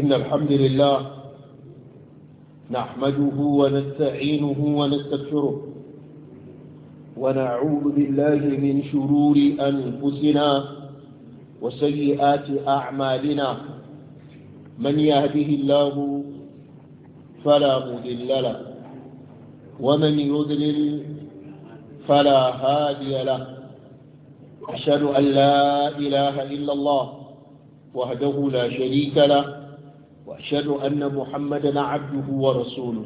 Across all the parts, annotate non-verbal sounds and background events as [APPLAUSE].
إن الحمد لله نحمده ونستعينه ونستغفره ونعوذ بالله من شرور أنفسنا وسيئات أعمالنا من يهده الله فلا مذل له ومن يذلل فلا هادي له أشهد أن لا إله إلا الله وحده لا شريك له وأشهد أن محمدا عبده ورسوله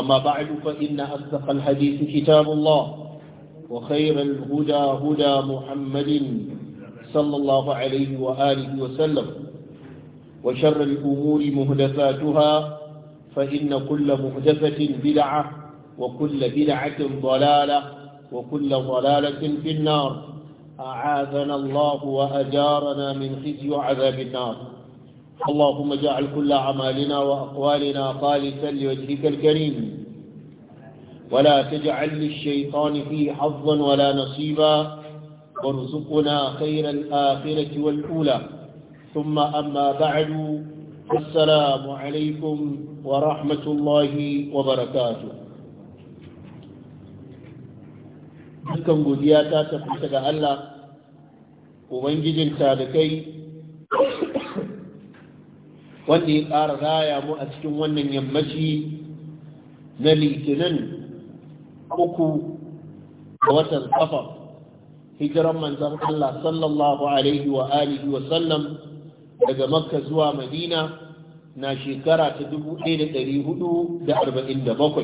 أما بعد فإن أصدق الحديث كتاب الله وخير الهدى هدى محمد صلى الله عليه وآله وسلم وشر الأمور مهدفاتها فإن كل مهدفة بدعة وكل بدعة ضلالة وكل ضلالة في النار أعاذنا الله وأجارنا من خزي عذاب النار اللهم اجعل كل أعمالنا وأقوالنا خالصا لوجهك الكريم ولا تجعل للشيطان فيه حظا ولا نصيبا وارزقنا خير الآخرة والأولى ثم أما بعد السلام عليكم ورحمة الله وبركاته dukkan godiya ta tafi daga Allah Ubangijin talikai wanda ya ƙara raya mu a cikin wannan yammaci na litinin uku da watan ƙafa, hijiran manzan Allah sallallahu alaihi wa alihi wa sallam daga makka zuwa madina na shekara ta 1447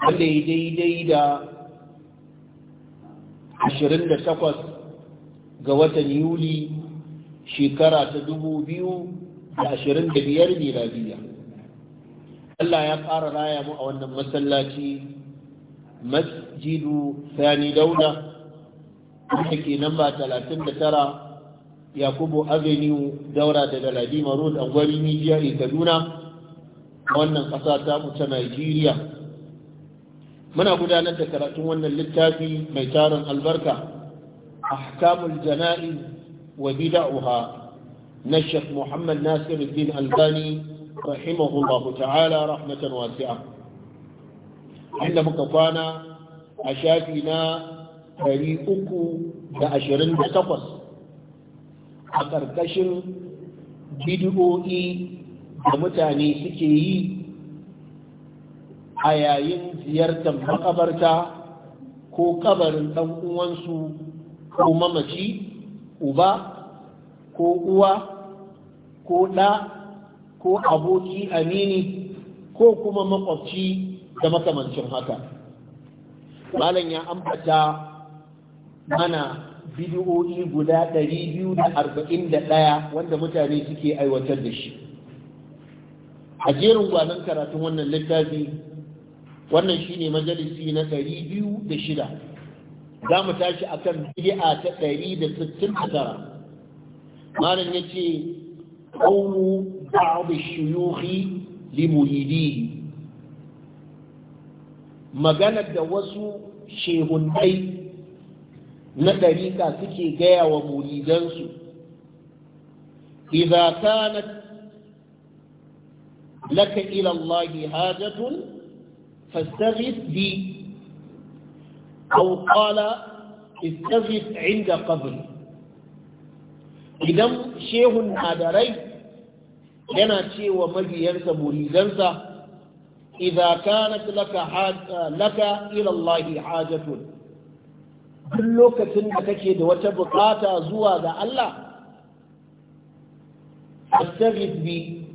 wanda ya daidai da 28 ga watan yuli shekara ta 2000 da ashirin da biyar miladiya Allah ya fara raya mu a wannan masallaci masjidu sani dauda wanda ke namba talatin da tara yakubu avenue daura daga ladima road angwari media a kaduna a wannan ƙasa ta mu ta nigeria muna gudanar da karatun wannan littafi mai tarin albarka ahkamul jana'i wa bida'uha na Sheikh Muhammad Nasiruddin Albani rahimahullahu ta'ala rahmatan wasi'a inda muka kwana a shafi na 328 a ƙarƙashin bidiyo'i da mutane suke yi a yayin ziyartar makabarta ko kabarin ɗan uwansu ko mamaci uba ko uwa ko ɗa ko aboki amini ko kuma makwabci da makamancin haka malam ya ambata mana bidiyoyi guda 241 wanda mutane suke aiwatar da shi a jerin gwanon karatun wannan littafi wannan shine majalisi na 206 za mu tashi akan bidi'a ta 169 معنى الجلسي قول بعض الشيوخ لمريديه ما قالت دوسو شيخ أي نتريك سكي جاي ومريدانسو إذا كانت لك إلى الله حاجة فاستغف بي أو قال استغف عند قبري idan shehun adarai yana cewa mabiyansa muridansa idza kanat laka laka ila Allah hajatun duk lokacin da kake da wata bukata zuwa ga Allah astaghfir bi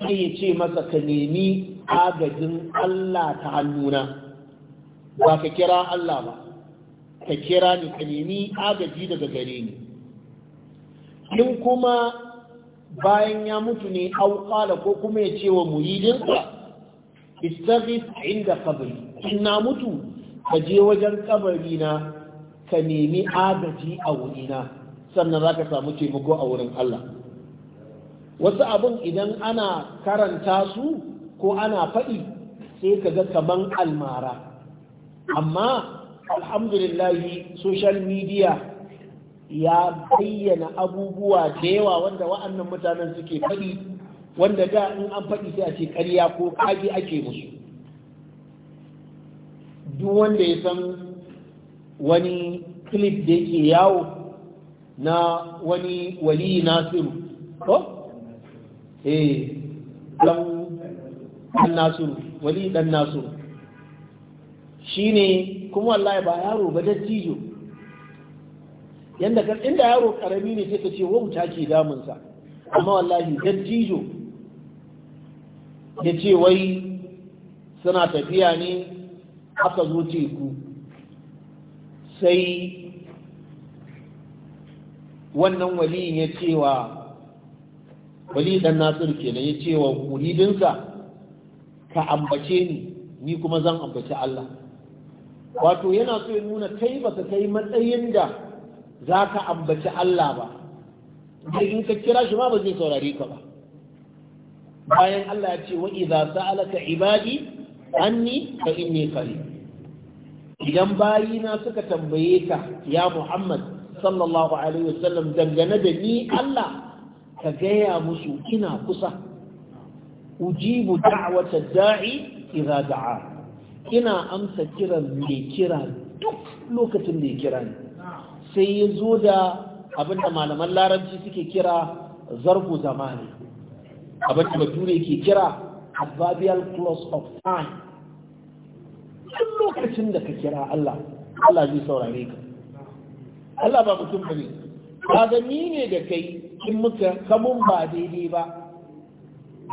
sai ya ce masa ka nemi agajin Allah ta hannuna ba ka kira Allah ba ka kira ni ka nemi agaji daga gare ni in kuma bayan ya mutu ne au da ko kuma ya ce wa muridin istaghis inda kabari in na mutu ka je wajen kabari na ka nemi agaji a wurina sannan za ka samu taimako a wurin Allah wasu abin idan ana karanta su ko ana faɗi sai ka ga kaman almara amma alhamdulillahi social media ya bayyana abubuwa da yawa wanda wa'annan mutanen suke faɗi wanda da in an faɗi sai a ce ƙarya ko kaji ake musu duk wanda ya san wani clip da yake yawo na wani wali nasiru ko? eh dan nasiru wali dan nasiru shi ne kuma wallahi ba yaro ba dattijo yanda da yaro karami ne sai ta ce wauta ke damunsa amma wallahi dattijo ya ce wai suna tafiya ne aka zo teku sai wannan waliyin ya ce wa wali dan nasir kenan ya ce wa muridinsa ka ambace ni ni kuma zan ambaci Allah wato yana so ya nuna kai ba baka kai matsayin da za ka ambaci Allah ba in ka kira shi ma ba zai saurare ka ba bayan Allah ya ce wa idza alaka ibadi anni ka inni qarib idan bayina suka tambaye ka ya Muhammad sallallahu alaihi wasallam dangane da ni Allah ka gaya musu ina kusa ujibu da'wata da'i idza da'a ina amsa kiran mai kira duk lokacin da ya kira ni sai ya zo da abin da malaman larabci suke kira zargu zamani abin da bature ke kira adverbial close of time duk lokacin da ka kira Allah Allah zai saurare ka Allah ba mutum bane ba ga ni ne da kai in muka kamun ba daidai ba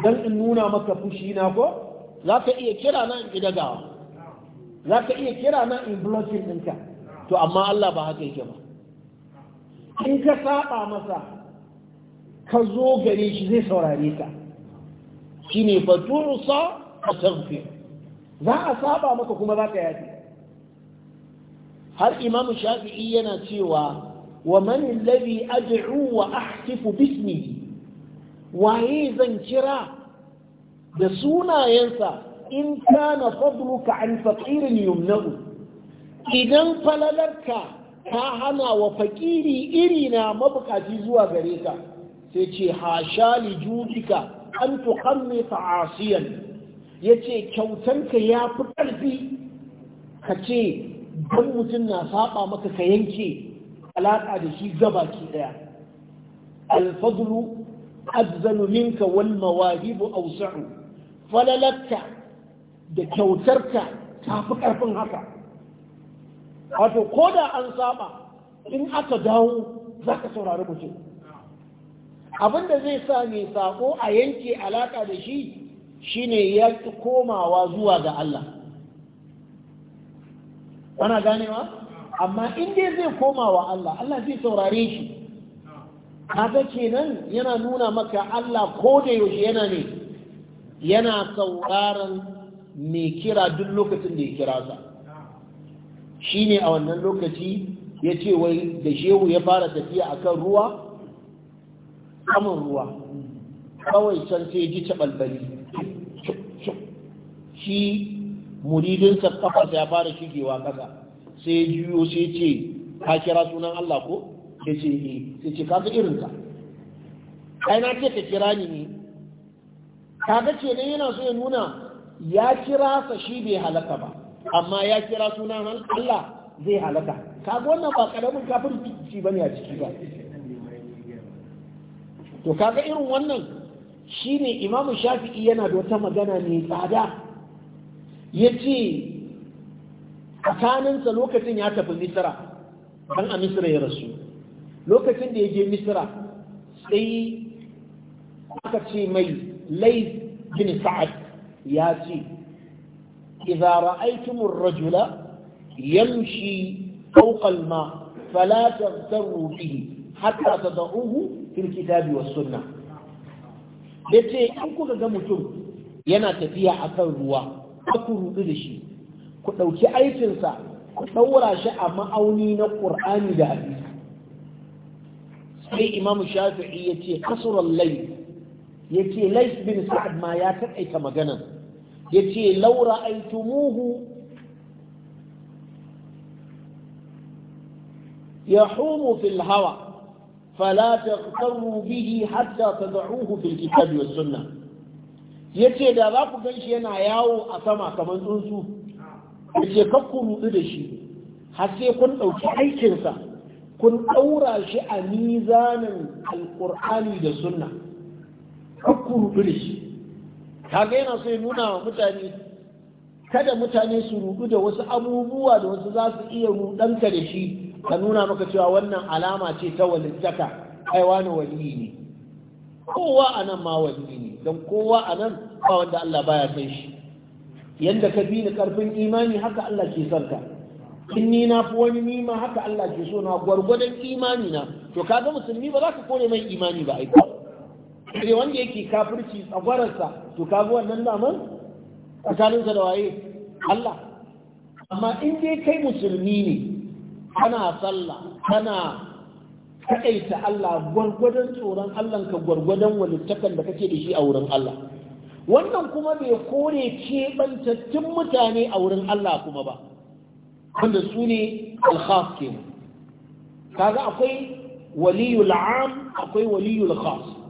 dan in nuna maka fushi na ko za ka iya kira na in idagawa za ka iya kira na in blocking ɗinka to amma Allah ba haka yake ba in ka saba masa ka zo gare shi zai saurare ka shine faturusa a tafi za a saba maka kuma za ka yafi har Imam shafi'i yana cewa wa mani alladhi ad'u wa ahtifu bismihi waye zan kira da sunayensa in kana fadluka an faqirin yumna'u idan falalarka ka hana wa fakiri iri na mabukaci zuwa gare ka sai ce hasha li judika an tuhammita asiyan yace kyautanka ya fi ƙarfi ka ce don mutum na saba maka ka yanke alaƙa da shi gaba ki ɗaya alfadlu azzalu minka wal mawahibu awsa'u Falalatta da kyautarka ta fi ƙarfin haka wato ko da an saba in aka dawo za ka saurari mutum abin da zai sa mai sako a yanke alaƙa da shi shi ne ya komawa zuwa ga Allah ana ganewa amma in dai zai komawa Allah Allah zai saurare shi kaga kenan yana nuna maka Allah ko da yaushe yana ne yana sauraron mai kira duk lokacin da ya kira sa Shi ne a wannan lokaci ya ce wai da shehu ya fara tafiya akan ruwa samun ruwa kawai can sai ji cabalbali shi muridinsa kafarsa ya fara shigewa kasa sai juyo sai ce ka kira sunan Allah ko ya ce ne eh. sai ce kaga irinka ai na ce ka kira ni ne kaga ce ne yana so ya nuna ya kira sa shi bai halaka ba amma ya kira suna Allah zai halaka kaga wannan ba karamin ci bane a ciki ba to kaga irin wannan shine imamu shafi'i yana da wata magana mai tsada ya ce tsakaninsa lokacin ya tafi misira dan a misira ya rasu lokacin da ya je misira sai aka ce mai lai bin sa'ad ya ce إذا رأيتم الرجل يمشي فوق الماء فلا تغتروا به حتى تضعوه في الكتاب والسنة yace in kuka ga mutum yana tafiya a kan ruwa ku rudu da shi ku ɗauki aikinsa ku ɗaura shi a ma'auni na ƙur'ani da hadisi sai imam shafi'i yace ce kasurar lai ya bin sa'ad ma ya taƙaita maganan yace laura aitumuhu yahumu fil hawa fala taqtaru bihi hatta tad'uhu fil kitabi was sunnah yace da za ku ganshi yana yawo a sama kamar tsuntsu yace ka rudu da shi har sai kun dauki aikinsa kun daura shi a mizanin alqur'ani da sunna Ka rudu da shi kaga yana so ya nuna wa mutane kada mutane su rudu da wasu abubuwa da wasu za su iya rudanka da shi ka nuna maka cewa wannan alama ce ta walittaka ai wani wali ne kowa a nan ma wali ne don kowa a nan ba wanda Allah baya san shi yanda ka bi ni karfin imani haka Allah ke son ka in ni na fi wani nima haka Allah ke so na gwargwadon imani na to kaga musulmi ba za ka kore mai imani ba ba. sai wanda yake kafirci tsagwararsa to kaga wannan naman tsakaninsa da waye Allah amma in dai kai musulmi ne kana sallah kana kaɗaita Allah gwargwadon tsoron Allah ka gwargwadon walittakan da kake da shi a wurin Allah wannan kuma bai kore keɓantattun mutane a wurin Allah kuma ba wanda su ne alkhaf ke kaga akwai waliyul am akwai waliyul khas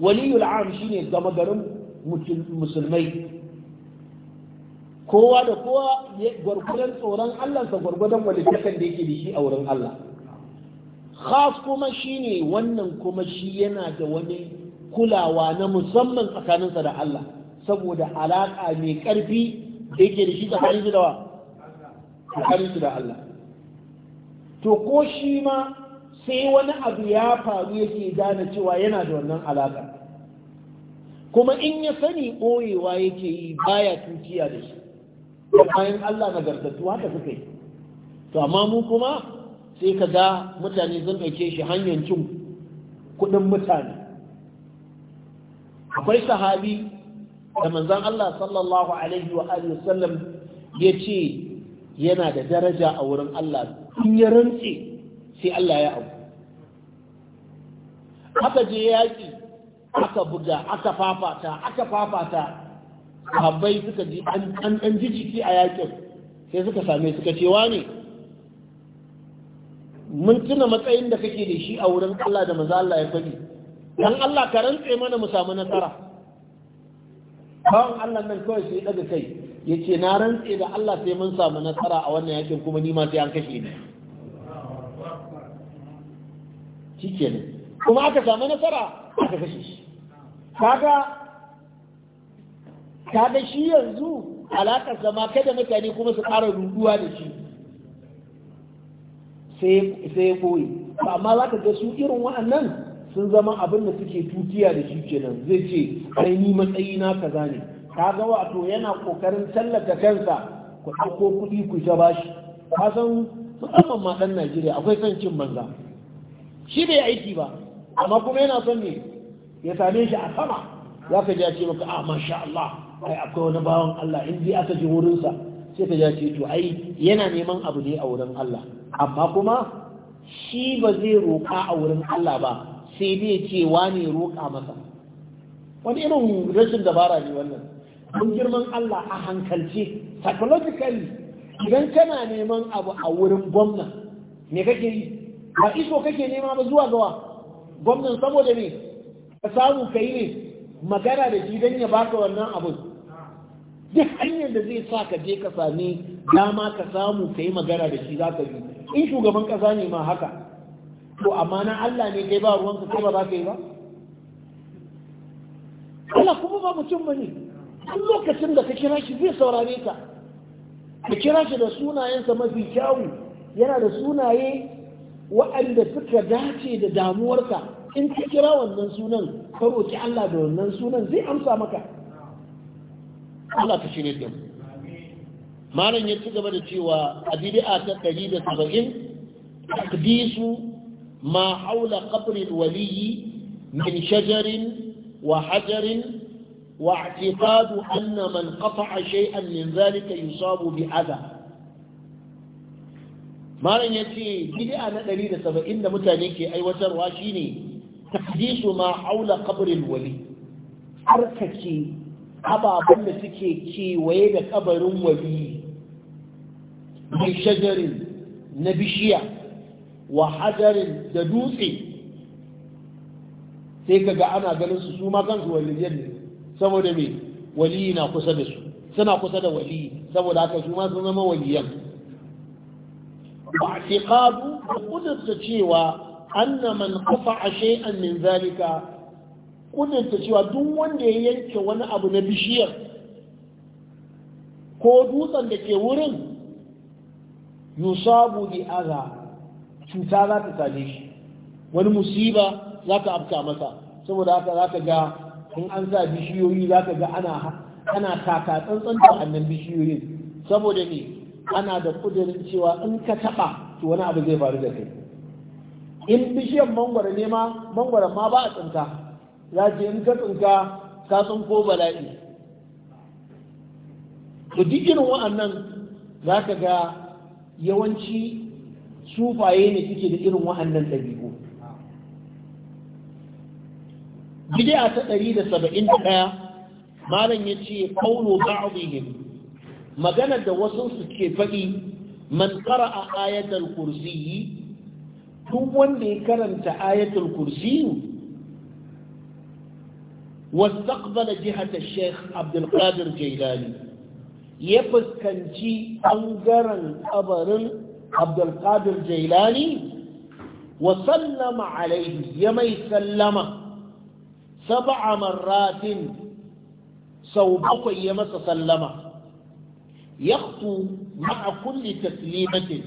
waliyul am shine gama garin musulmai kowa da kowa gwargwadon tsoron Allahnsa gwargwadon walittakan da yake da shi a wurin Allah khas kuma shine wannan kuma shi yana da wani kulawa na musamman tsakaninsa da Allah saboda alaƙa mai ƙarfi da yake da shi tsakaninsu da wa tsakaninsu da Allah to ko shi ma sai wani abu ya faru yake gane cewa yana da wannan alaka kuma in ya sani ɓoyewa yake yi baya tuciya da shi bayan Allah na nagartattu haka suka yi to amma mu kuma sai ka ga mutane sun ɗauke shi hanyar cin kuɗin mutane akwai sahabi da manzan Allah sallallahu alaihi wa sallam ya ce yana da daraja a wurin Allah in ya rantse sai Allah ya abu aka je yaƙi aka buga aka fafata aka fafata habbai suka ji an ɗan ki a yaƙin sai suka same suka cewa ne mun tuna matsayin da kake da shi a wurin Allah da maza Allah ya faɗi dan Allah ka rantse mana mu samu nasara Kawan Allah nan kawai sai daga kai yace na rantse da Allah sai mun samu nasara a wannan yakin kuma ni ma sai an kashe ni shikenan kuma aka samu nasara aka kashe shi kaga kaga shi yanzu alakar zama kada mutane kuma su ƙara ruduwa da shi sai ya koyi amma za ka ga su irin waɗannan sun zama abin da suke tutiya da shi kenan zai ce ai ni matsayi na kaza ne kaga wato yana kokarin tallata kansa ku ɗauko kuɗi ku ta bashi ka san musamman ma ɗan Najeriya akwai son cin banza shi bai aiki ba amma kuma yana son ne ya same shi a sama za ka ja ce maka a ah, masha Allah ai akwai wani bawan Allah in ji aka ji wurinsa sai ka ja ce to ai yana neman abu ne a wurin Allah amma kuma shi ba zai roƙa a wurin Allah ba sai dai ya ce ne roƙa masa wani irin rashin dabara ne wannan mun girman Allah a hankalce psychologically idan kana neman abu a wurin gwamna me kake yi ba iso kake nema ba zuwa gawa gwamnan saboda ne ka samu ka yi ne magana da shi don ya baka wannan abin duk hanyar da zai sa ka je ka sami dama ka samu ka yi magana da shi za ka yi in shugaban kasa ne ma haka to amma na Allah ne kai ba ruwan ka ba za ka yi ba Allah kuma ba mutum ba ne duk lokacin da ka kira shi zai saurare ka ka kira shi da sunayensa mafi kyawu yana da sunaye waɗanda suka dace da damuwarka in ka kira wannan sunan ka roki Allah da wannan sunan zai amsa maka Allah ta shirye da mu malam ya ci gaba da cewa a ɗari ta 170 taqdisu ma haula qabri al-waliy min shajarin wa hajarin واعتقاد أن من قطع شيئا من ذلك يصاب بأذى malam ya ce bid'a na ɗari da saba'in da mutane ke aiwatarwa shine tahdisu ma aula qabrin wali harkace ababen da suke kewaye da kabarin wali mai shajarin na bishiya wa hajarin da dutse sai ga ana ganin su su ma kansu wali ne saboda me wali na kusa da su suna kusa da wali saboda haka su ma sun zama waliyan i'tiqadu da kudurta cewa anna man qafa'a shay'an min zalika kudurta cewa duk wanda ya yanke wani abu na bishiyar ko dutsen da ke wurin yusabu bi aza cuta za ta same shi wani musiba za ka afka masa saboda haka za ka ga in an sa bishiyoyi za ka ga ana ana taka tsantsanta da annan bishiyoyin saboda ne ana da kudirin cewa in ka taɓa to wani abu zai faru da kai in bishiyar mangwara ne ma mangwara ma ba a tsinka za ce in ka tsinka ka tsinko bala'i to duk irin wa'annan za ka ga yawanci sufaye ne suke da irin wa'annan ɗabi'u bid'a ta ɗari da saba'in da ɗaya malam ya ce kaulo ba'adihim maganar da wasu suke faɗi man ƙara a ayatul kursiyi duk wanda ya karanta ayatul kursiyi wasu ƙabala jihata sheikh abdulkadir jailani ya fuskanci ɓangaren ƙabarin abdulkadir jailani wa sallama alaihi ya mai sallama saba a sau bakwai ya masa sallama yaqtu ma'a kulli taslimatin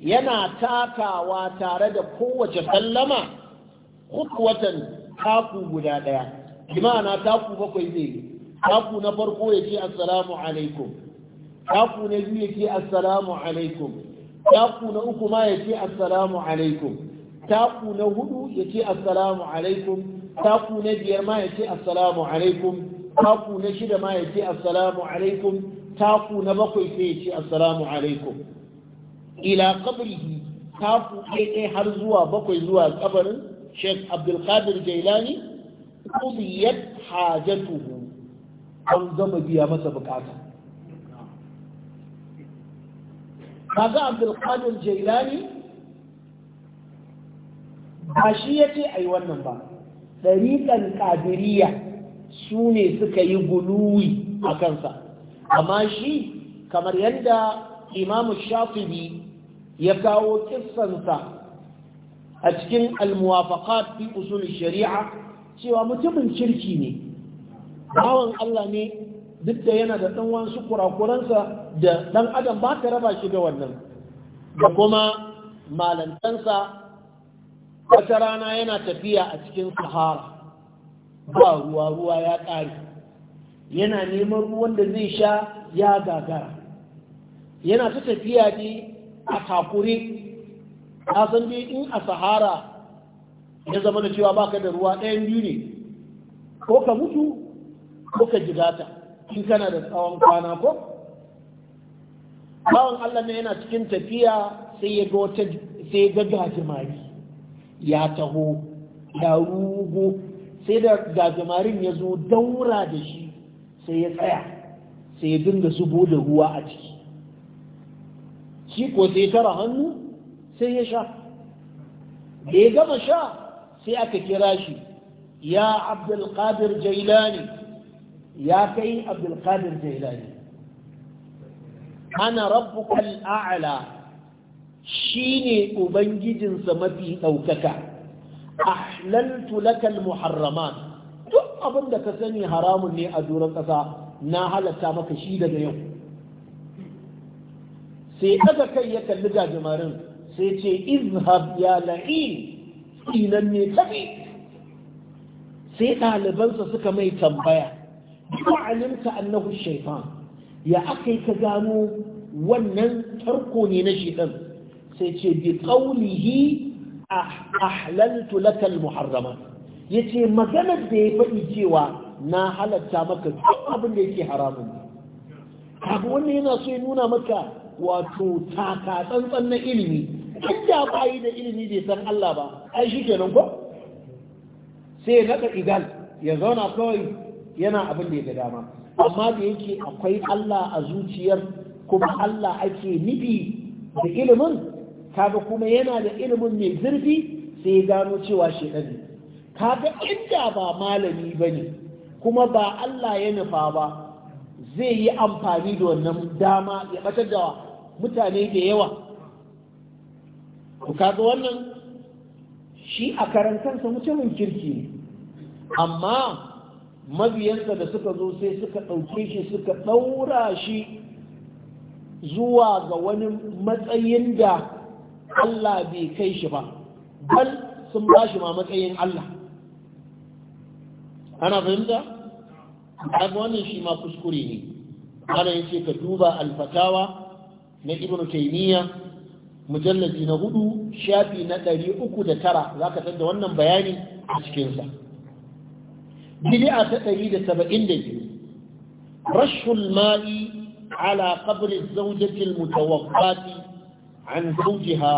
yana takawa tare da kowace sallama khutwatan taku guda daya imana taku bakwai zai taku na farko yace assalamu alaikum taku na biyu yace assalamu alaikum taku na uku ma yace assalamu alaikum taku na hudu yace assalamu alaikum taku na biyar ma yace assalamu alaikum taku na shida ma yace assalamu alaikum taku na bakwai sai ya ce assalamu alaikum ila kabrihi taku ɗaya har zuwa bakwai zuwa kabarin Sheikh Abdul Qadir Jailani kubiyat hajatuhu an gama biya masa bukata kaga Abdul Qadir Jailani ba shi a ai wannan ba dariqan qadiriyya su ne suka yi guluwi a kansa amma shi kamar yadda imamu shafibi ya kawo kissansa a cikin almuwafaqat fi usul shari'a cewa mutumin kirki ne bawan Allah ne duk da yana da ɗan wasu kurakuransa da ɗan adam ba ta raba shi da wannan da kuma malantansa wata rana yana tafiya a cikin sahara ba ruwa ruwa ya ƙare yana neman ruwan da zai sha ya gagara yana ta tafiya ne a takure a san dai in a sahara ya zama da cewa baka da ruwa ɗayan biyu ne ko ka mutu ko ka jigata in kana da tsawon kwana ko bawan Allah ne yana cikin tafiya sai ya ga wata sai ya ga gajimari ya taho ya rugo sai da gajimarin ya zo daura da shi sai ya tsaya sai ya dinga zubo da ruwa a ciki shi ko sai ya tara hannu sai ya sha da ya gama sha sai aka kira shi ya abdulkadir jailani ya kai abdulkadir jailani ana rabbukal shi ne ubangijinsa mafi ɗaukaka ahlaltu lakal muharraman. abin da ka sani haramun ne a doron ƙasa na halatta maka shi daga yau sai ɗaga kai ya kalli gajimarin sai ce izhab ya la'in inan ne tafi sai ɗalibansa suka mai tambaya duk annahu shaifan ya aka yi ka gano wannan tarko ne na shi sai ce bi ƙaunihi ahlaltu lakal muharramat ya ce maganar da ya faɗi cewa na halatta maka duk abin da yake haramun kaga wannan yana so ya nuna maka wato taka tsantsan na ilimi in da ba yi da ilimi bai san Allah ba ai shi kenan ko sai ya naɗa igal ya zauna kawai yana abin da ya ga dama amma da yake akwai Allah a zuciyar kuma Allah ake nufi da ilimin kaga kuma yana da ilimin mai zurfi sai ya gano cewa shekaru kaga inda ba malami ba ne kuma ba Allah ya nufa ba zai yi amfani da wannan dama ya batar da mutane da yawa ku kaga wannan shi a karantarsa mutumin kirki ne amma mabiyansa da suka zo sai suka ɗauke shi suka ɗaura shi zuwa ga wani matsayin da Allah bai kai shi ba bal sun ba shi ma matsayin Allah ana fahimta abu wannan shi ma kuskure ne ana yace ka duba alfatawa na Ibn taymiya mujallabi na hudu shafi na ɗari uku da tara za ka da wannan bayani a cikinsa bid'a ta ɗari da saba'in da biyu rashul ma'i ala qabrin zaujatil mutawaffati an zaujiha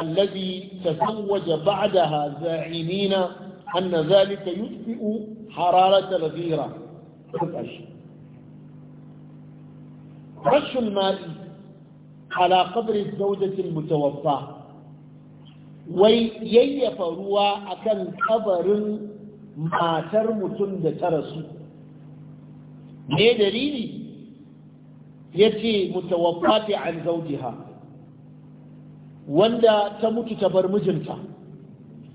allazi tazawwaja ba'daha za'imina anna zalika yutfi'u hararata al-ghira kashi رش الماء على قبر الزوجة المتوفى وييف روى أكن قبر ما ترمت ترسو ما دليلي يتي متوفاة عن زوجها wanda ta mutu ta bar mijinta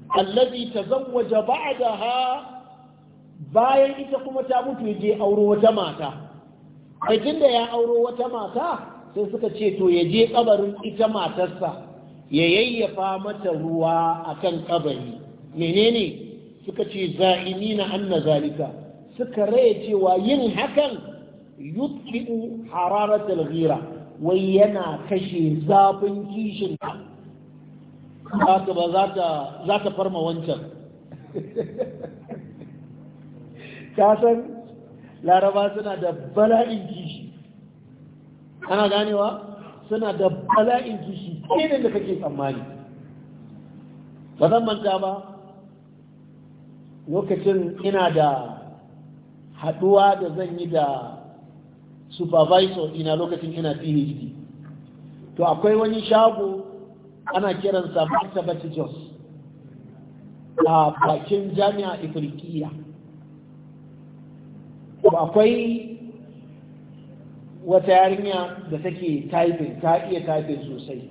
allazi tazawwaja ba'daha bayan ita kuma ta mutu je auro wata mata kai da ya auro wata mata sai suka ce to ya je kabarin ita matarsa ya yayyafa mata ruwa akan kabari menene suka ce za'imina anna zalika suka raye cewa yin hakan yutfi'u hararatul ghira wai yana kashe zafin kishin ta ba za ta farma wancan kasan laraba suna da bala'in kishi ana ganewa suna da bala'in kishi ƙinin da kake tsammani ba zan manta ba lokacin ina da haɗuwa da zan yi da supervisor ina lokacin ina phd to akwai wani shago ana kiransa martabat jos a bakin jami'a ifirkiya akwai wata yarinya da take taifin ta iya taifin sosai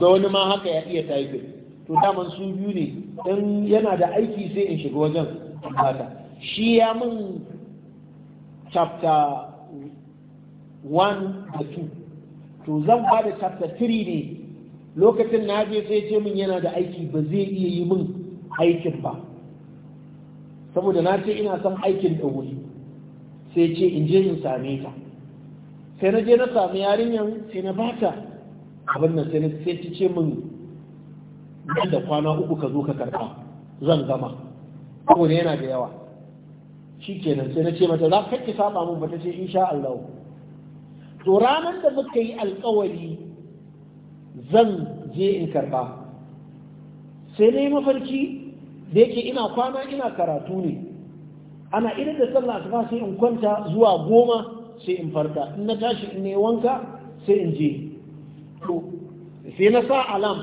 da wani ma haka ya iya taifin to daman su biyu ne dan yana da aiki sai in shiga wajen bata shi ya min chapter 1 da 2 to zan ba da chapter 3 ne lokacin na je sai ce min yana da aiki ba zai iya yi min aikin ba saboda na ce ina son aikin da wuri sai ce in je in same ta sai na je na sami yarinyar sai na bata abin nan sai ta ce min nan da kwana uku ka zo ka karɓa zan gama saboda yana da yawa shi kenan sai na ce mata za ka ki saba min ba ta ce in sha Allah to ranar da muka yi alkawari zan je in karba sai na mafarki da yake ina kwana ina karatu ne ana irin da sallah asuba sai in kwanta zuwa goma sai in farka in na tashi in yi wanka sai in je sai na sa alam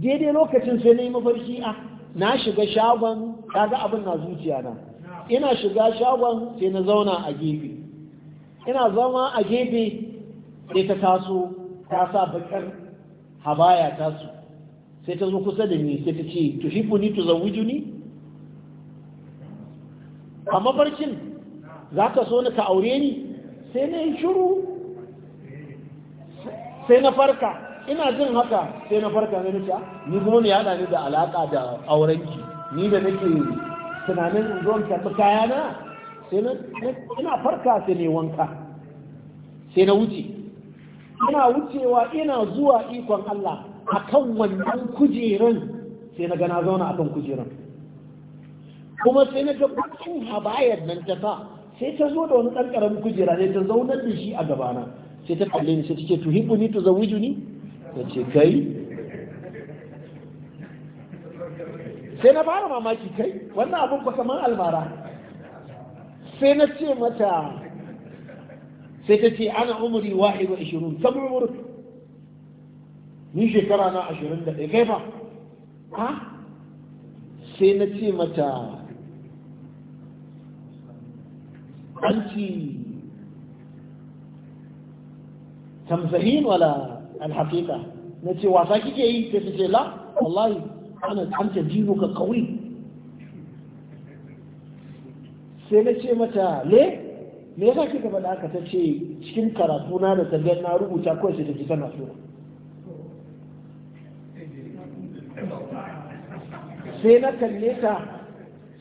daidai lokacin sai na yi mafarki a ah, na shiga shagon kaga abin na zuciya na ina shiga shagon sai na zauna a gefe ina zama a gefe da ta taso ta sa bakar habaya ta su sai ta zo kusa da ni sai ta ce tuhibbuni tuzawwijuni a amma za ka so ni ka aure ni sai na yi shiru, sai na farka ina jin haka sai na farka na nita ah, ni kuma ni hada ni da alaka da aurenki ni da nake tunanin zuwan karɓi kayana sai na ina farka sai ne wanka sai na wuce ina wucewa ina zuwa ikon Allah a kan wannan kujeran sai na gana zauna akan kujeran kuma sai na ga kwakin habayar nan ta ta sai ta zo da wani ɗan kujera ne ta zaunar da shi a gabana sai ta kalle ni sai ta ce tuhibbu ni tuzawwiju ni ta ce kai sai na fara mamaki kai wannan abin kwasa man almara sai na ce mata sai ta ce ana umuri wahid wa ishirun kam umur ni shekara na ashirin da ɗaya kai fa ha sai na ce mata anti tamzahin wala alhaqiqa na ce wasa kike yi sai ta ce la wallahi ana anta dinuka qawi sai na ce mata le me yasa kika faɗa aka ta ce cikin karatu na da sabbin na rubuta ko shi da ji tana su sai na kalle ta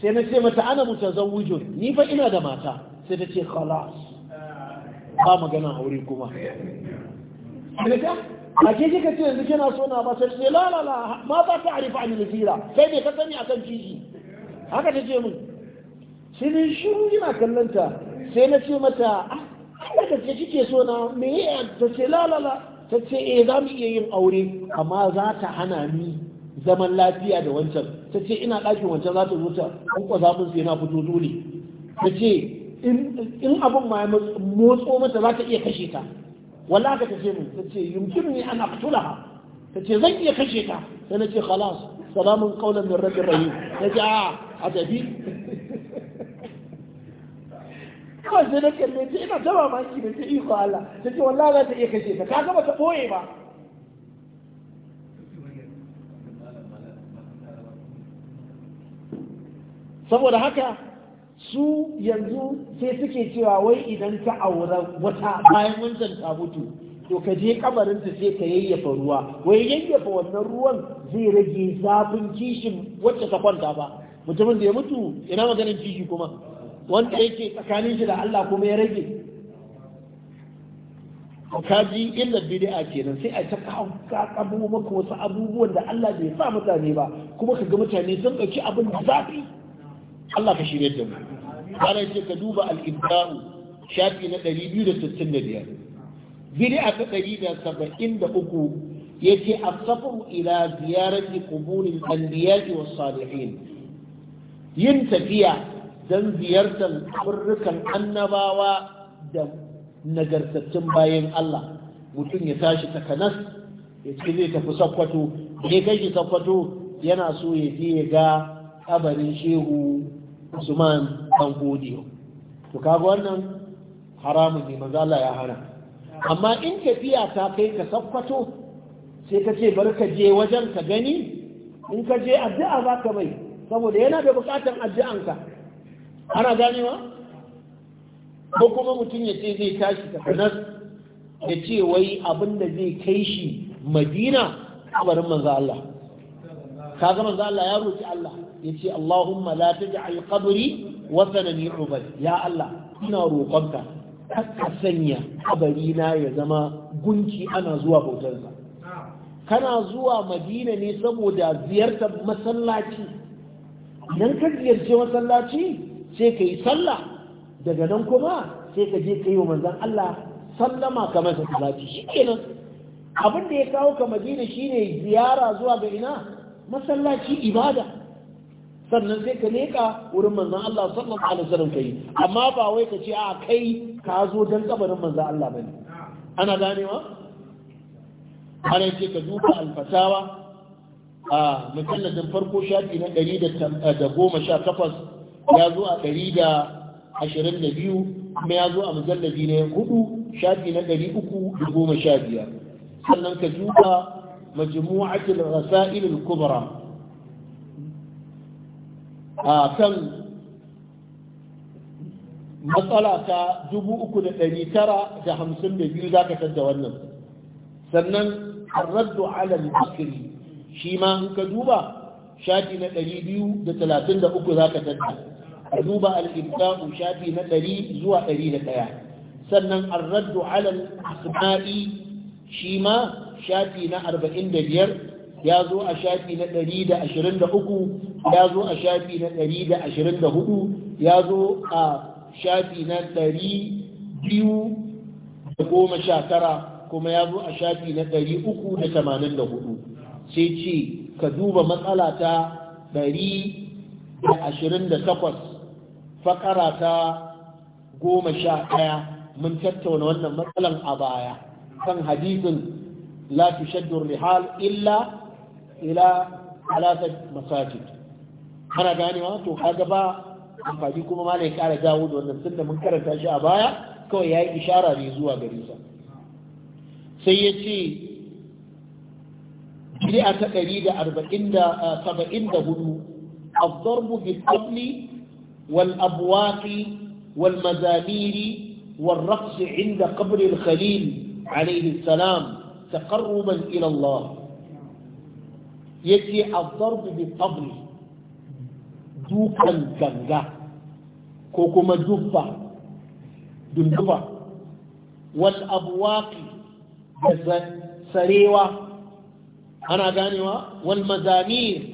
sai na ce mata ana zawujo ni fa ina da mata sai ta ce khalas ba magana aure kuma a ke kika ce yanzu kina so na ba sai ce la la la ma ba ta arifa an nasira sai ne ka sani akan kiji haka ta ce min sai ne shiru ina kallon ta sai na ce mata ah da ce kike so na me ya ta ce lalala ta ce eh za mu iya yin aure amma za ta hana ni zaman lafiya da wancan ta ce ina ɗakin wancan za ta zo ta ƙwanƙwa zafin sai na fito ne ta ce in abin ma motso mata za ta iya kashe ta wala ka ta ce mu ta ce yumkin ne ana fitulaha ta ce zan iya kashe ta sai na ce khalas salamun qawlan min rabbir rahim ta ce a ah, a tafi [LAUGHS] kawai sai na kalle ina mamaki da ta iko Allah ta ce za iya kashe ta ka gaba ta boye ba saboda haka su yanzu sai suke cewa wai idan ka aura wata bayan wancan ta mutu to ka je ta sai ka yayyafa ruwa wai yayyafa wannan ruwan zai rage zafin kishin wacce ka kwanta ba mutumin da ya mutu ina maganin kishi kuma wanda yake tsakanin shi da Allah kuma ya rage ka ji illar bid'a kenan sai a ta kawo maka wasu abubuwan da Allah bai sa mutane ba kuma ka ga mutane sun ɗauki abin da zafi Allah ka shirye da mu kana ce ka duba al-ibda'u shafi na 265 bid'a ta 173 yace as ila ziyarati quburi al-anbiya'i was-salihin yin tafiya don ziyartar birrukan annabawa da nagartattun bayan Allah mutum ya tashi takanas ya ce zai tafi sakwato ne kai sakwato yana so ya je ya ga kabarin shehu usman dan godiyo to kaga wannan haramun ne maza Allah ya hana amma in tafiya ta kai ka sakwato sai ka ce bari ka je wajen ka gani in ka je addu'a ba ka mai saboda yana da bukatar addu'anka ana ganewa ko kuma mutum ya ce zai tashi takanas da ce wai abinda zai kai shi madina kabarin manza Allah kaga manzo Allah ya roki Allah ya ce Allahumma la taj'al qabri wasanan yu'bad ya Allah ina roƙonka ka sanya kabari na ya zama gunki ana zuwa bautarsa kana zuwa madina ne saboda ziyartar masallaci idan ka ziyarci masallaci sai ka yi sallah daga nan kuma sai ka je ka yi wa manzan Allah sallama ka masa salati shi kenan abin da ya kawo ka madina shine ziyara zuwa ga ina masallaci ibada sannan sai ka leƙa wurin manzan Allah a alaihi ka yi. amma ba wai ka ce a kai ka zo don kabarin manzan Allah bane ana ganewa ana ce ka duba alfatawa a mujalladin farko shafi na 118 ya zo a ɗari da ashirin da biyu kuma ya zo a mujallabi na hudu shafi na ɗari uku da goma sha biyar sannan ka duba majmu'atul rasail al-kubra a kan matsala ta dubu uku da ɗari tara da hamsin da biyu za ka tadda wannan sannan arraddu ala al-bakri shi ma in ka duba shafi na ɗari biyu da talatin da uku za ka tadda ka duba al shafi na ɗari zuwa ɗaya, sannan an raddu 'ala al-asma'i shi ma shafi na biyar, ya zo a shafi na uku, ya zo a shafi na hudu, ya zo a shafi na tara, kuma ya zo a shafi na hudu, sai ce ka duba matsala ta ɗari da takwas. fakara ta goma sha ɗaya mun tattauna wannan matsalan a baya kan hadisin la tushaddu rihal illa ila alatat masajid ana ganewa to kaga ba amfani kuma ma ya kara dawo da wannan tunda mun karanta shi a baya kawai yayi ishara ne zuwa gare sa sai ya ce bid'a ta 174 الضرب بالقبل والأبواق والمزامير والرقص عند قبر الخليل عليه السلام تقربا إلى الله يجي الضرب بالطبل دوكا جنجا كوكما جبا دندبا والأبواق سريوة أنا غانيوا والمزامير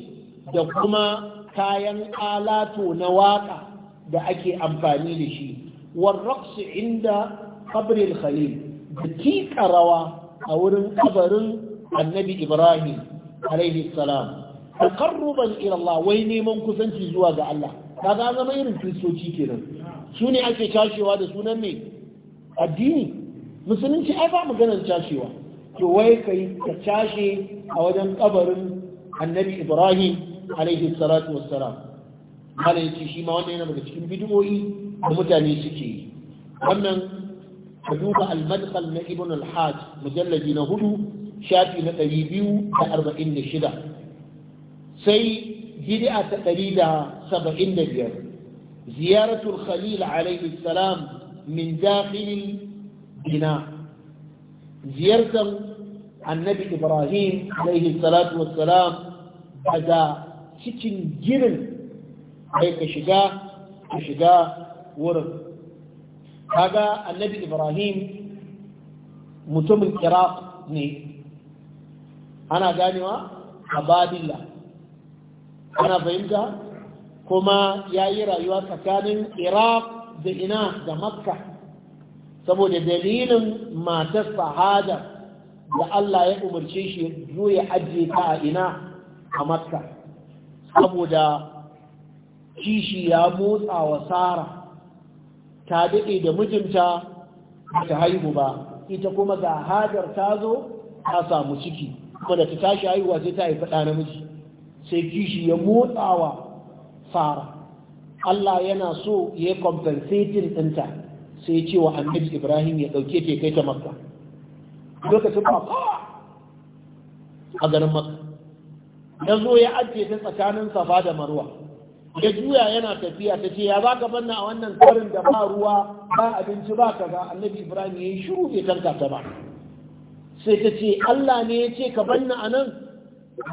da kuma kayan alatu na waka da ake amfani da shi warraqs inda kabril khalil da tika rawa a wurin kabarin annabi ibrahim alaihi salam taqarruban ila wai neman kusanci zuwa ga Allah kaga zama irin kristoci kenan su ne ake cashewa da sunan ne addini musulunci ai ba maganar cashewa to wai kai ka cashe a wajen kabarin annabi ibrahim alaihi salatu wassalam mana yake shi ma wannan yana daga cikin bidiyoyi da mutane suke yi wannan ka duba al na ibn alhaj hajj na hudu shafi na ɗari biyu da arba'in da shida sai bid'a ta ɗari da saba'in da biyar ziyaratul khalil alaihi salam min dakhilil bina ziyartar annabi ibrahim alaihi salatu wassalam daga cikin girin ai ka shiga ka shiga wurin kaga annabi ibrahim mutumin iraq ne ana ganewa a babila ana fahimta kuma ya yi rayuwa tsakanin iraq da ina da makka saboda dalilin matar sahada da Allah ya umarce shi zo ya ajiye ta a ina a makka saboda kishi ya motsa wa sara ta daɗe da mijinta ta haihu ba ita kuma ga hajar ta zo ta samu ciki kuma da ta tashi haihuwa sai ta haifi ɗa namiji sai kishi ya motsa wa sara Allah yana so ya kompensatin ɗinta sai ce wa annabi Ibrahim ya ɗauke ta kai ta makka lokacin ba a garin makka ya zo ya ajiye ta tsakanin safa da marwa ya juya yana tafiya ta ce ya za ka banna a wannan karin da ba ruwa ba abinci ba ka ga annabi ibrahim ya yi shiru bai tanka ta ba sai ta ce allah ne ya ce ka banna a nan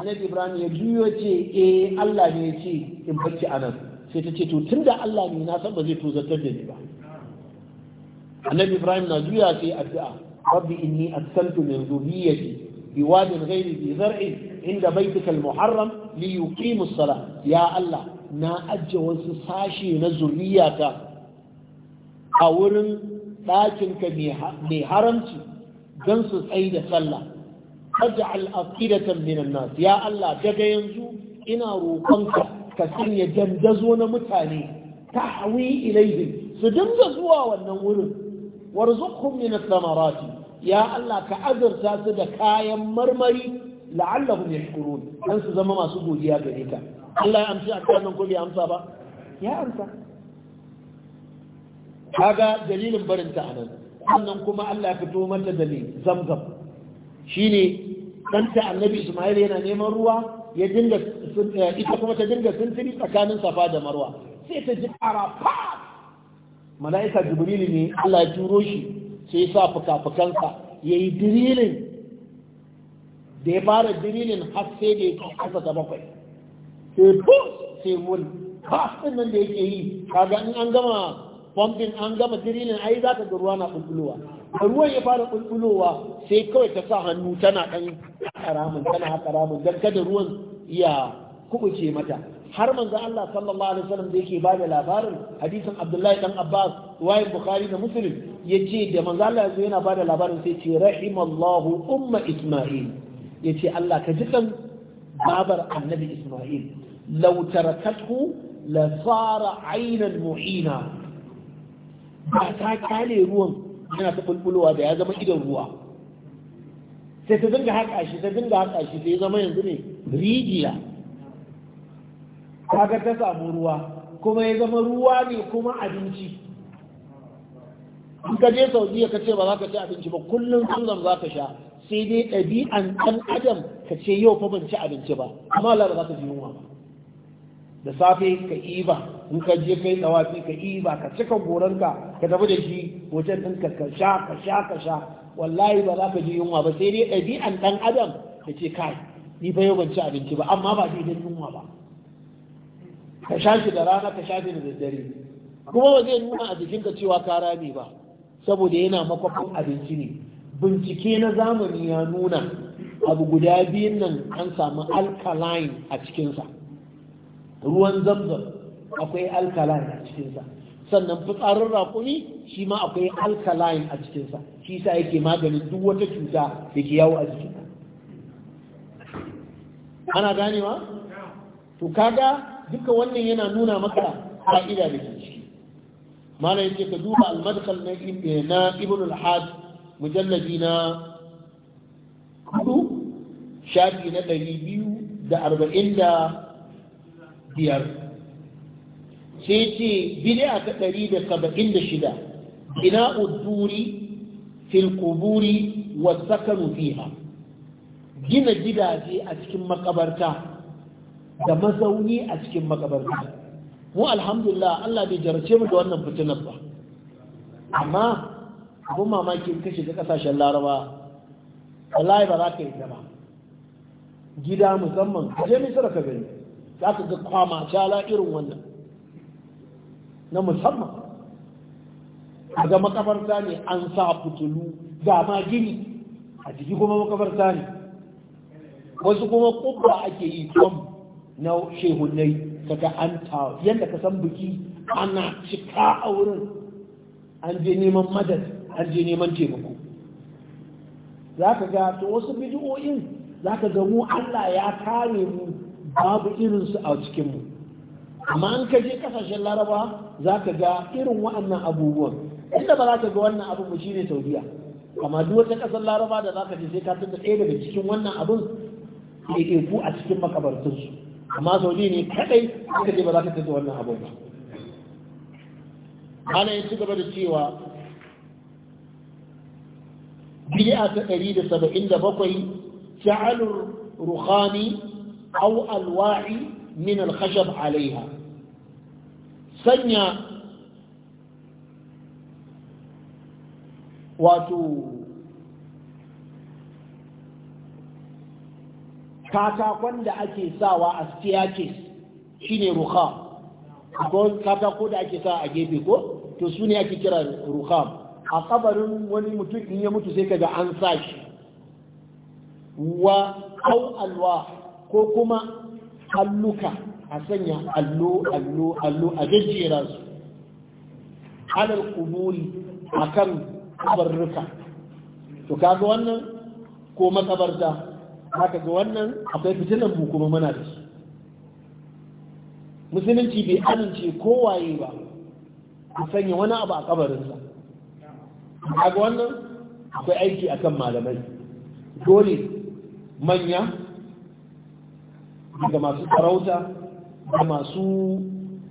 annabi ibrahim ya juyo ce eh allah ne ya ce in bacci a nan sai ta ce to tun da allah ne na san ba zai tozartar da ni ba annabi ibrahim na juya sai addu'a rabbi inni askantu min zurriyyati biwadin ghairi bi zar'in inda baitika al-muharram li yuqimu as-salah ya allah na ajiye wasu sashe na zuriyata a wurin ɗakinka mai haramci don su tsaye da sallah faj'al afidatan minan nas ya Allah daga yanzu ina roƙonka ka sanya dandazo na mutane tahwi ilayhi su dinga zuwa wannan wurin warzuqhum min ath ya Allah ka azurta su da kayan marmari la'allahum yashkurun dan su zama masu godiya gare ka Allah ya amsa addu'ar nan kuma ya amsa ba ya amsa kaga dalilin barin ta anan sannan kuma Allah ya fito mata dalil zamzam shine ta annabi Ismail yana neman ruwa ya dinga eh, ita kuma ta dinga sintiri tsakanin safa da marwa sai ta ji ƙara fa mala'ika jibril ne Allah ya turo shi sai ya sa fuka-fukansa ya yi dirilin da ya fara dirilin har sai da ya kasa ta bakwai sai bus sai mun kafin nan da yake yi kaga in an gama pumping an gama dirilin ai za ka ga ruwa na bulbulowa da ruwan ya fara bulbulowa sai kawai ta sa hannu tana ɗan karamin tana haka ramin don kada ruwan ya kubuce mata har manzo Allah sallallahu alaihi wasallam da yake da labarin hadisin Abdullahi dan Abbas wai Bukhari da Muslim yace da manzo Allah yazo yana ba da labarin sai ce rahimallahu umma Isma'il yace Allah ka ji kan babar annabi Isma'il لو تركته لصار عينا معينا ta kale ruwan yana ta bulbulowa da ya zama idan ruwa sai ta dinga haka shi ta dinga haka shi sai zama yanzu ne rijiya kaga ta samu ruwa kuma ya zama ruwa ne kuma abinci in ka je saudiya ka ce ba za ka ci abinci ba kullum sunan za ka sha sai dai ɗabi'an ɗan adam ka ce yau fa ban ci abinci ba amma Allah ba za ka ji yunwa ba da safe ka iba in ka je kai tsawafi ka iba ka cika goranka ka tafi da shi hotel din ka sha ka sha ka sha wallahi ba za ka ji yunwa ba sai dai ɗabi'an ɗan adam ka ce kai ni fa yau ban ci abinci ba amma ba sai dai yunwa ba ka sha shi da rana ka sha shi da daddare kuma ba zai nuna a jikinka cewa ka rame ba saboda yana makwafin abinci ne bincike na zamani ya nuna abu guda biyun nan an samu alkaline a cikinsa ruwan zamzam akwai alkaline a cikinsa sannan fitsarin rakumi shi ma akwai alkaline a cikinsa shi sa yake maganin duk wata cuta da ke yawo a jikin ana ganewa? to kaga duka wannan yana nuna maka fa'ida da ke ciki mana yake ka duba almadkal eh, na ibn al-hajj mujallabi na hudu shafi na ɗari biyu da arba'in da biyar sai ce bid'a ta ɗari da saba'in da shida ina uduri filkuburi, kuburi wa fiha gina gidaje a cikin makabarta da mazauni a cikin makabarta mu alhamdulillah Allah bai jarce mu da wannan fitinar ba amma abu mamaki in ka shiga kasashen laraba wallahi ba za ka yi ba gida musamman kaje misira ka gani za ka ga kwama cala irin wannan na musamman a ga makabarta ne an sa fitilu. ga ma gini a jiki kuma makabarta ne wasu kuma kubba ake yi tom na shehunai daga an ta yadda ka san biki ana cika a wurin an je neman madad an je neman taimako za ka ga to wasu bidiyoyin za ka ga mu Allah ya kare mu babu irinsu a cikinmu amma an ka je kasashen laraba za ka ga irin waɗannan abubuwan inda ba za ka ga wannan abin shi ne saudiya amma duk wata kasar laraba da za ka je sai ka tada ɗaya daga cikin wannan abin ku a cikin makabartunsu amma saudi ne kaɗai aka je ba za ka tada wannan abin ba ana ya ci gaba da cewa bid'a ta 177 ja'alur ruhani أو ألواع من الخشب عليها سنيا واتو katakon da ake sawa a staircase shine rukham don katako da ake sa a gefe ko to su ne ake kira rukham a kabarin wani mutum in ya mutu sai kaga an sa shi wa au ko kuma alluka a sanya allo allo allo a jejjera su alal kuburi a kan kabarruka to kaga wannan ko makabarta haka ga wannan akwai fitilan mu kuma muna da shi musulunci bai amince kowaye ba a sanya wani abu a kabarinsa kaga wannan akwai aiki akan malamai dole manya daga masu farauta da masu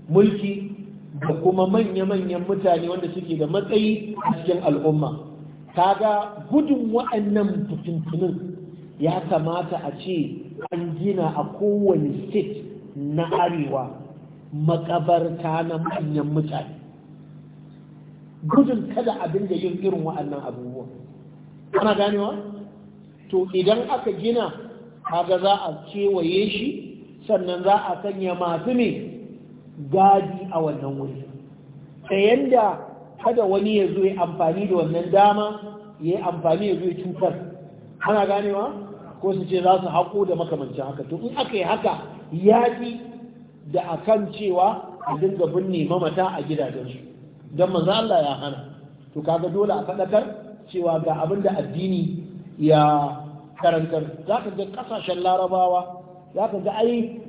mulki da kuma manya-manyan mutane wanda suke da matsayi a cikin al'umma kaga gudun wa'annan fitintunin ya kamata a ce an gina a kowane state na arewa makabarta na manyan mutane gudun kada abin da yin irin wa'annan abubuwa ana ganewa to idan aka gina kaga za a kewaye shi sannan za a sanya masu ne gadi a wannan wuri ta yanda kada wani ya zo ya amfani da wannan dama ya yi amfani ya zo ya cutar ana ganewa ko su ce za su haƙo da makamancin haka to in aka yi haka yaƙi da a kan cewa a dinga binne mamata a gidajen su. don manzo Allah ya hana to kaga dole a faɗakar cewa ga abin da addini ya karantar za ka ga kasashen larabawa za ka ga ai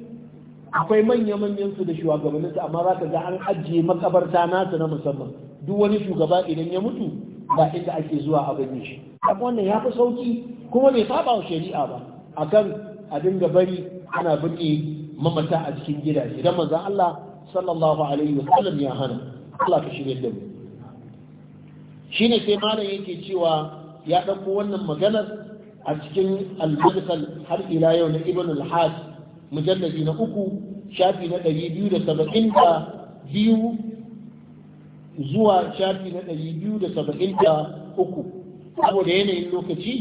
akwai manya-manyan su da shugabannin su amma za ka ga an ajiye makabarta nasu na musamman duk wani shugaba idan ya mutu ba inda ake zuwa a gani shi wannan ya fi sauki kuma bai saba wa shari'a ba akan a dinga bari ana binne mamata a cikin gidaje dan manzon Allah sallallahu alaihi wasallam ya hana Allah ka shirye da mu shine sai malam yake cewa ya ɗauko wannan maganar a cikin al-madkhal har ila yau na ibn al-hajj mujalladi na uku shafi na ɗari biyu da saba'in biyu zuwa shafi na ɗari biyu da saba'in uku saboda yanayin lokaci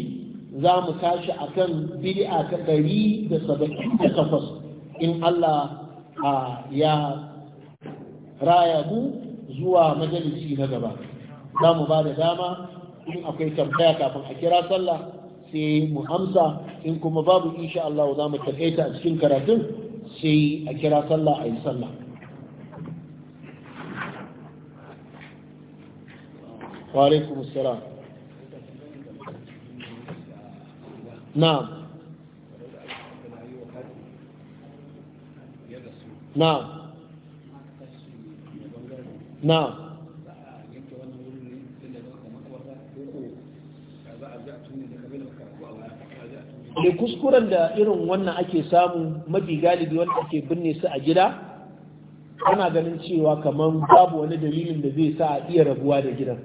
za mu tashi a kan bid'a ta ɗari da saba'in da in Allah ya raya mu zuwa majalisi na gaba za mu ba da dama in akwai tambaya kafin a kira sallah sai mu hamsa in kuma babu insha Allah za mu ta a cikin karatun sai a kira sallah a yi sallah wa alaikum assalam na'am na'am na'am ne kuskuren da irin wannan ake samu mafi galibi wanda ake binne su a gida ana ganin cewa kamar babu wani dalilin da zai sa a iya rabuwa da gidan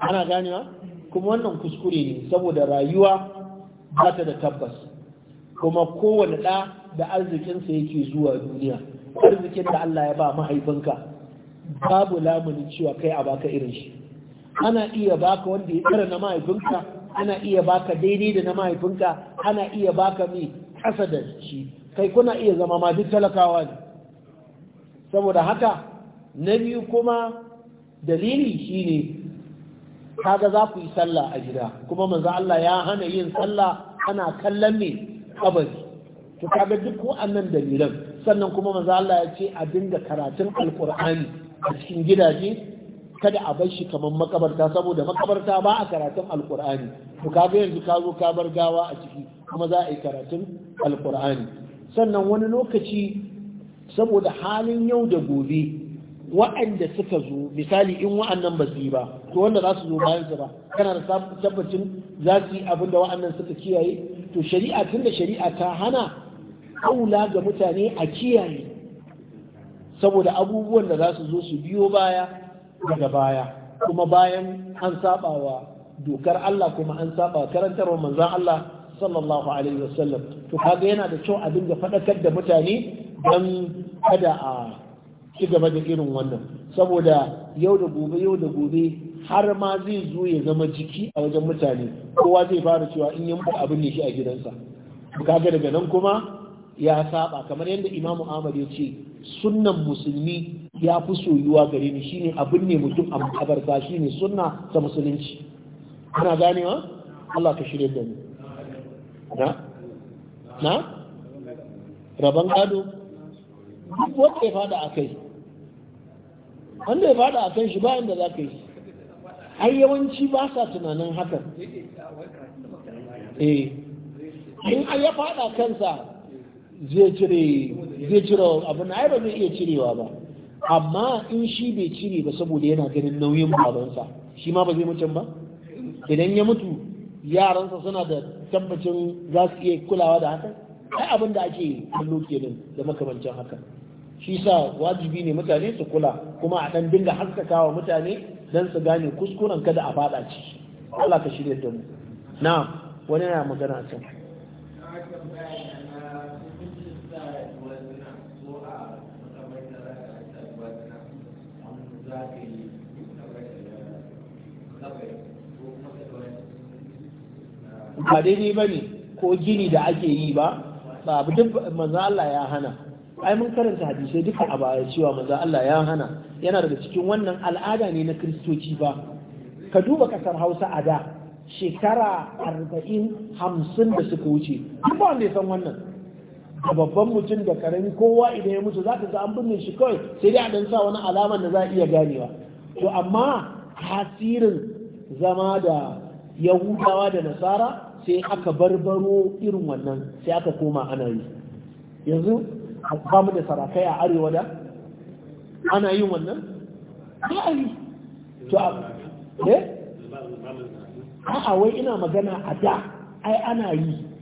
ana ganewa kuma wannan kuskure ne saboda rayuwa ba ta da tabbas kuma kowane ɗa da arzikinsa yake zuwa duniya arzikin da Allah ya ba mahaifinka babu lamunin cewa kai a baka irin shi ana iya baka wanda ya tsara na mahaifinka ana iya baka daidai da na mahaifinka ana iya baka mai ƙasa da shi kai kuna iya zama ma duk talakawa ne saboda haka na biyu kuma dalili shi shine kaga za ku yi sallah a gida kuma manzo Allah ya hana yin sallah ana kallon mai kabari to kaga duk wa'annan dalilan sannan kuma manzo Allah ya ce a dinga karatun alkur'ani a cikin gidaje kada a bar shi kamar makabarta saboda makabarta ba a karatun alkur'ani to kaga yanzu ka zo ka bar gawa a ciki kuma za a yi karatun alkur'ani sannan wani lokaci saboda halin yau da gobe wa'anda suka zo misali in wa'annan ba su yi ba to wanda za su zo bayan su ba kana da tabbacin za su yi abin da wa'annan suka kiyaye to shari'a tunda shari'a ta hana aula ga mutane a kiyaye saboda abubuwan da za su zo su biyo baya daga baya kuma bayan an sabawa dokar Allah kuma an saba karantarwa manzon Allah sallallahu alaihi wasallam to kaga yana da kyau a dinga faɗakar da mutane dan kada a ci gaba da irin wannan saboda yau da gobe yau da gobe har ma zai zo ya zama jiki a wajen mutane kowa zai fara cewa in yi mutu abin ne shi a gidansa kaga daga nan kuma ya saba kamar yadda imamu ahmad ya ce sunnan musulmi ya fi soyuwa gare ni shine abin ne mutum a makabarta shine sunna ta musulunci ana ganewa Allah ka shirya da ni, na na rabon gado duk wanda ya fada a kai wanda ya fada a kan shi bayan da za ka yi ai yawanci ba sa tunanin hakan eh in ya fada kansa zai cire zai cire abin a ba zai iya cirewa ba amma in shi bai cire ba saboda yana ganin nauyin babansa shi ma ba zai mutum ba idan ya mutu yaransa suna da tabbacin za su iya kulawa da haka ai abin da ake kallo kenan da makamancin haka shi sa wajibi ne mutane su kula kuma a dan dinga haskakawa mutane dan su gane kuskuren kada a fada ci Allah ka shirye da mu na wani yana magana a can ba daidai ba ne ko gini da ake yi ba ba abu duk maza Allah ya hana ai mun karanta hadisai duka a baya cewa maza Allah ya hana yana daga cikin wannan al'ada ne na kristoci ba ka duba kasar hausa a da shekara arba'in hamsin da suka wuce duk ba wanda ya san wannan a babban mutum da karami kowa idan ya mutu za ka binne shi kawai sai dai a dan sa wani alamar da za a iya ganewa to amma hasirin zama da yahudawa da nasara sai aka barbaro irin wannan sai aka koma ana yi yanzu ba mu da sarakai a arewa da ana yin wannan ba to a eh a'a wai ina magana a da ai ana yi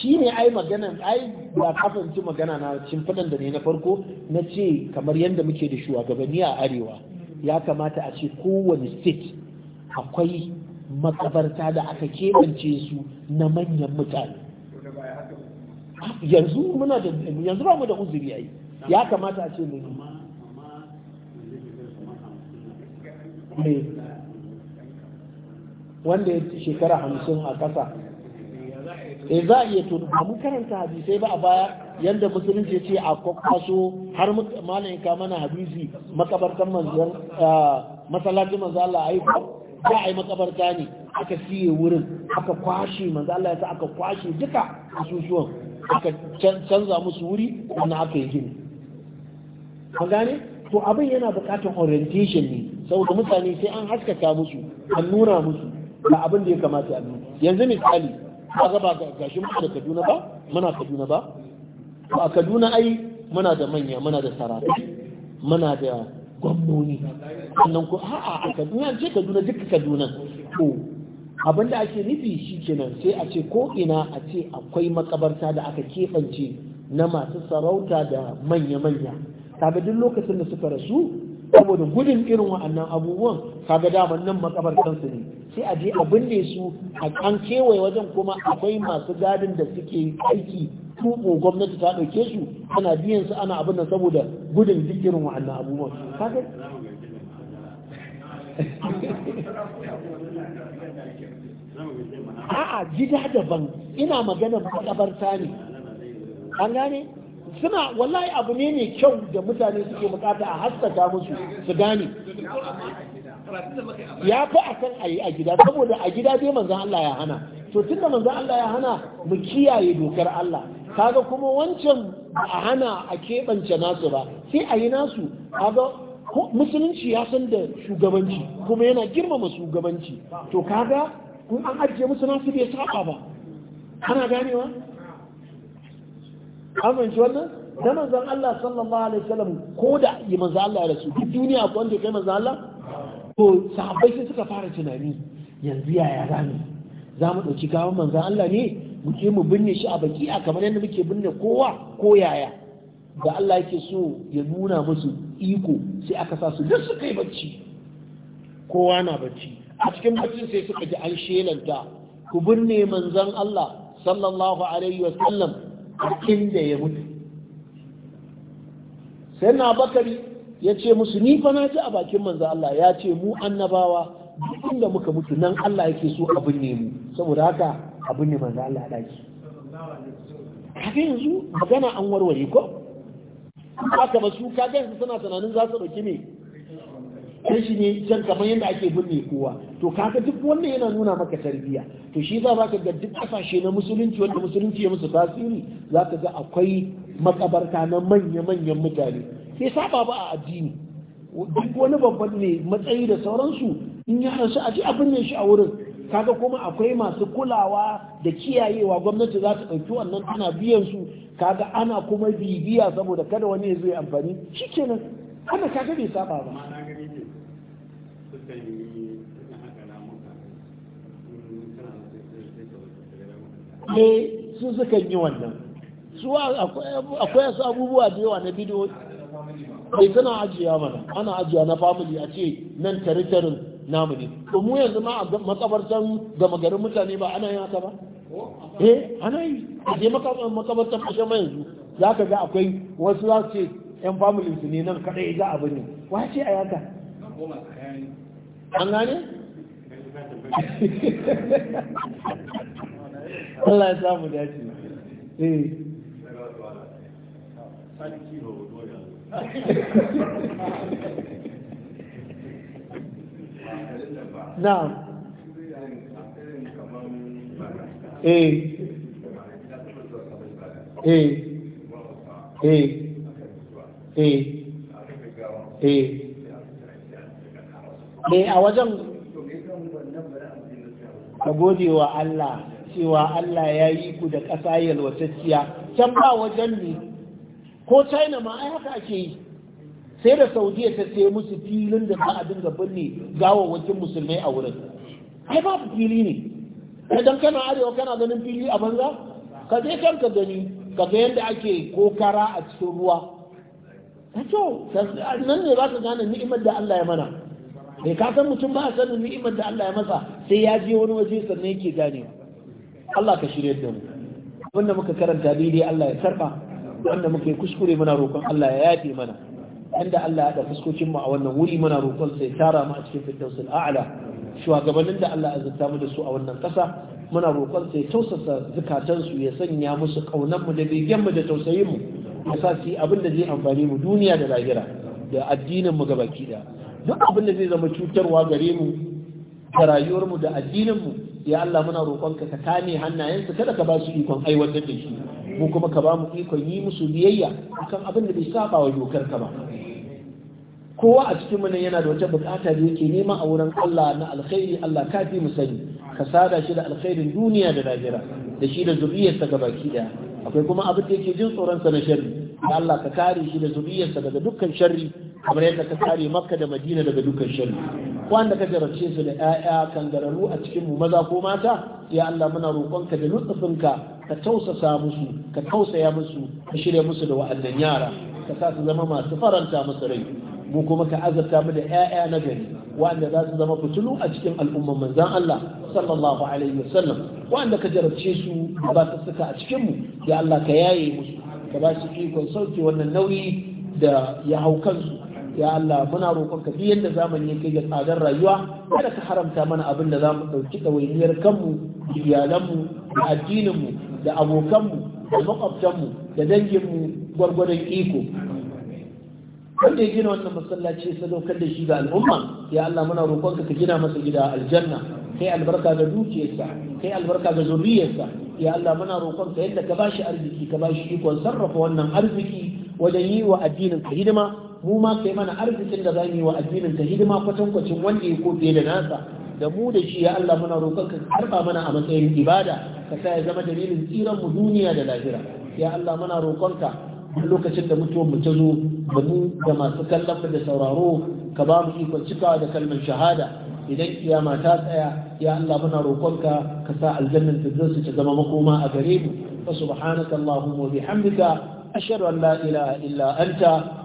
shi ne ai magana ai ba kafanci magana na cimfinan da ne na farko na ce kamar yadda muke da shugabanni a arewa ya kamata a ce kowane state akwai makabarta da aka keɓance su na manyan mutane yanzu muna da yanzu ba mu da uzuri ai ya kamata a ce mu wanda ya shekara hamsin a ƙasa eh za a iya to ba mu karanta hadisai ba a baya yanda musulunci ya ce a kwakwaso har malamin ka mana hadisi makabartan manzon ah, masallacin manzon Allah za a yi makabarta ne aka siye wurin aka kwashe manzon Allah ya sa aka kwashe duka asusuwan aka canza musu wuri wannan aka yi gini an gane to abin yana bukatar orientation ne saboda mutane sai an haskaka musu an nuna musu ga abin da ya kamata a yanzu misali ba ba gashi muna da Kaduna ba muna Kaduna ba to a Kaduna ai muna da manya muna da sarakai muna da gwamnoni sannan ko a'a a Kaduna ce Kaduna duka Kaduna to abin da ake nufi shi kenan sai a ce ko ina a ce akwai makabarta da aka kefance na masu sarauta da manya-manya kaga duk lokacin da suka rasu saboda gudun irin wa'annan abubuwan kaga daman nan makabartansu ne sai a je a binne su a an kewaye wajen kuma akwai masu gadin da suke aiki tuɓo gwamnati ta ɗauke su ana biyan su ana abin nan saboda gudun duk irin wa'annan abubuwan kaga [LAUGHS] a'a gida daban ina maganar makabarta ne an gane suna wallahi abu ne mai kyau da mutane suke bukata a haskaka musu su gane ya fi a kan a yi a gida saboda a gida dai manzan Allah ya hana to tun da manzan Allah ya hana mu kiyaye dokar Allah kaga kuma wancan a hana a keɓance nasu ba sai a yi nasu kaga musulunci ya san da shugabanci kuma yana girmama shugabanci to kaga in an ajiye musu nasu bai saba ba ana ganewa amin wannan na manzan Allah sallallahu alaihi wasallam ko da yi manzan Allah ya rasu duk duniya ko wanda kai manzan Allah to sahabbai sai suka fara tunani yanzu yaya za mu za mu ɗauki gawan manzan Allah ne mu je mu binne shi a baki a kamar yadda muke binne kowa ko yaya da Allah yake so ya nuna musu iko sai aka sa su duk suka yi bacci kowa na bacci a cikin bacci sai suka ji an shelanta ku binne manzan Allah sallallahu alaihi wasallam a inda ya mutu sai na bakari ya ce musu ni fa na ji a bakin manzo Allah ya ce mu annabawa duk inda muka mutu nan Allah yake so abin ne mu saboda haka abin ne manzo Allah daki kaga yanzu magana an warware ko haka ba su kaga yanzu suna tunanin za su dauki me can shi ne can kamar yadda ake binne kowa to kaga duk wannan yana nuna maka tarbiyya to shi za ka ga duk kasashe na musulunci wanda musulunci ya musu tasiri za ka ga akwai makabarta na manya-manyan mutane sai saba ba a addini duk wani babban ne matsayi da sauransu in ya rasu a ji a binne shi a wurin kaga kuma akwai masu kulawa da kiyayewa gwamnati za ta ɗauki wannan ana biyan su kaga ana kuma bibiya saboda kada wani ya zo ya amfani shikenan ana kaga bai saba ba sukan yi sukan haka sai eh, su sukan yi wannan su akwai su abubuwa da yawa na bidiyo bai tana ajiya mana ana ajiya na family a ce nan taritarin namu ne to mu yanzu ma a can gama garin mutane ba ana yi haka ba eh ana yi a je can kashe mai yanzu za ka ga akwai wasu za su ce yan family su ne nan kadai za a bane wace a yaka an gane? Allah ya samu dace yi. Eh. na eh eh eh eh eh ne a wajen ka gode wa Allah cewa Allah ya yi ku da ƙasa yalwatacciya can ba wajen ne ko china ma ai haka ake yi sai da saudiya ta sai musu filin da ba a dinga binne wajen musulmai a wurin ai babu fili ne idan kana arewa kana ganin fili a banza ka je kan ka gani ka ga yadda ake kokara a cikin ruwa ta kyau nan ne za ka gane ni'imar da Allah ya mana bai ka san mutum ba a sanin ni'imar da Allah ya masa sai ya je wani waje sannan yake gane Allah ka shirye da mu abinda muka karanta daidai Allah ya karba wanda muka yi kuskure muna roƙon Allah ya yafe mana inda Allah ya da fuskokin mu a wannan wuri muna roƙon sai tara mu a cikin firdausul a'la shugabannin da Allah azurta mu da su a wannan ƙasa muna roƙon sai tausasa zikatansu ya sanya musu kaunar mu da bigen mu da tausayin mu ya sa su yi abin da zai amfani mu duniya da lahira da addinin mu gabaki ɗaya duk abin da zai zama cutarwa gare mu da rayuwarmu da addinin mu, ya Allah muna roƙonka ka kame hannayensu kada ka ba su ikon aiwatar da shi mu kuma ka ba mu ikon yi musu biyayya akan abin da bai saba wa dokar ka ba kowa a cikin mu yana da wata bukata da yake nema a wurin Allah na alkhairi Allah ka fi mu sani ka sada shi da alkhairin duniya da lahira da shi da zuriyarsa ga baki daya akwai kuma abin da yake jin tsoron sa na sharri ya Allah ka kare shi da zuriyarsa daga dukkan sharri kamar yadda ka kare makka da madina daga dukkan sharri wanda ka jarabce su da 'ya'ya kangararru a cikin mu maza ko mata ya Allah muna roƙonka da lutsufinka ka tausasa musu ka tausaya musu ka shirya musu da wa'annan yara ka sa su zama masu faranta musu rai mu kuma ka azabta mu da 'ya'ya na gari wanda za su zama fitilu a cikin al'umman manzan Allah sallallahu alaihi wasallam wanda ka jarabce su ba saka a cikin mu ya Allah ka yaye musu ka ba su ikon sauke wannan nauyi da ya hau kansu ya Allah muna roƙonka duk yadda zamani yake ga tsadar rayuwa kada ka haramta mana abin da zamu ɗauki ɗawainiyar kanmu iyalanmu da addininmu da abokanmu da makwabtanmu da danginmu gwargwadon iko wanda ya gina wannan masallaci sadaukar da shi ga al'umma ya Allah muna roƙonka ka gina masa gida aljanna kai albarka ga dukiyarsa kai albarka ga zuriyarsa ya Allah muna roƙonka yadda ka bashi arziki ka bashi ikon sarrafa wannan arziki wajen yi wa addinin ka hidima mu ma kai mana arzikin da zamu yi wa addinin ka hidima kwatankwacin wanda ya ko fiye da nasa da mu da shi ya Allah muna roƙon ka karɓa mana a matsayin ibada ka sa ya zama dalilin tsiran mu duniya da lahira ya Allah muna roƙon ka lokacin da mutuwar mu ta zo da mu da masu kallon mu da sauraro ka ba mu ikon cikawa da kalmar shahada idan kiyama ta tsaya ya Allah muna roƙon ka ka sa aljannan su ta zama makoma a gare mu fa subhanaka allahumma wa bihamdika ashhadu an la ilaha illa anta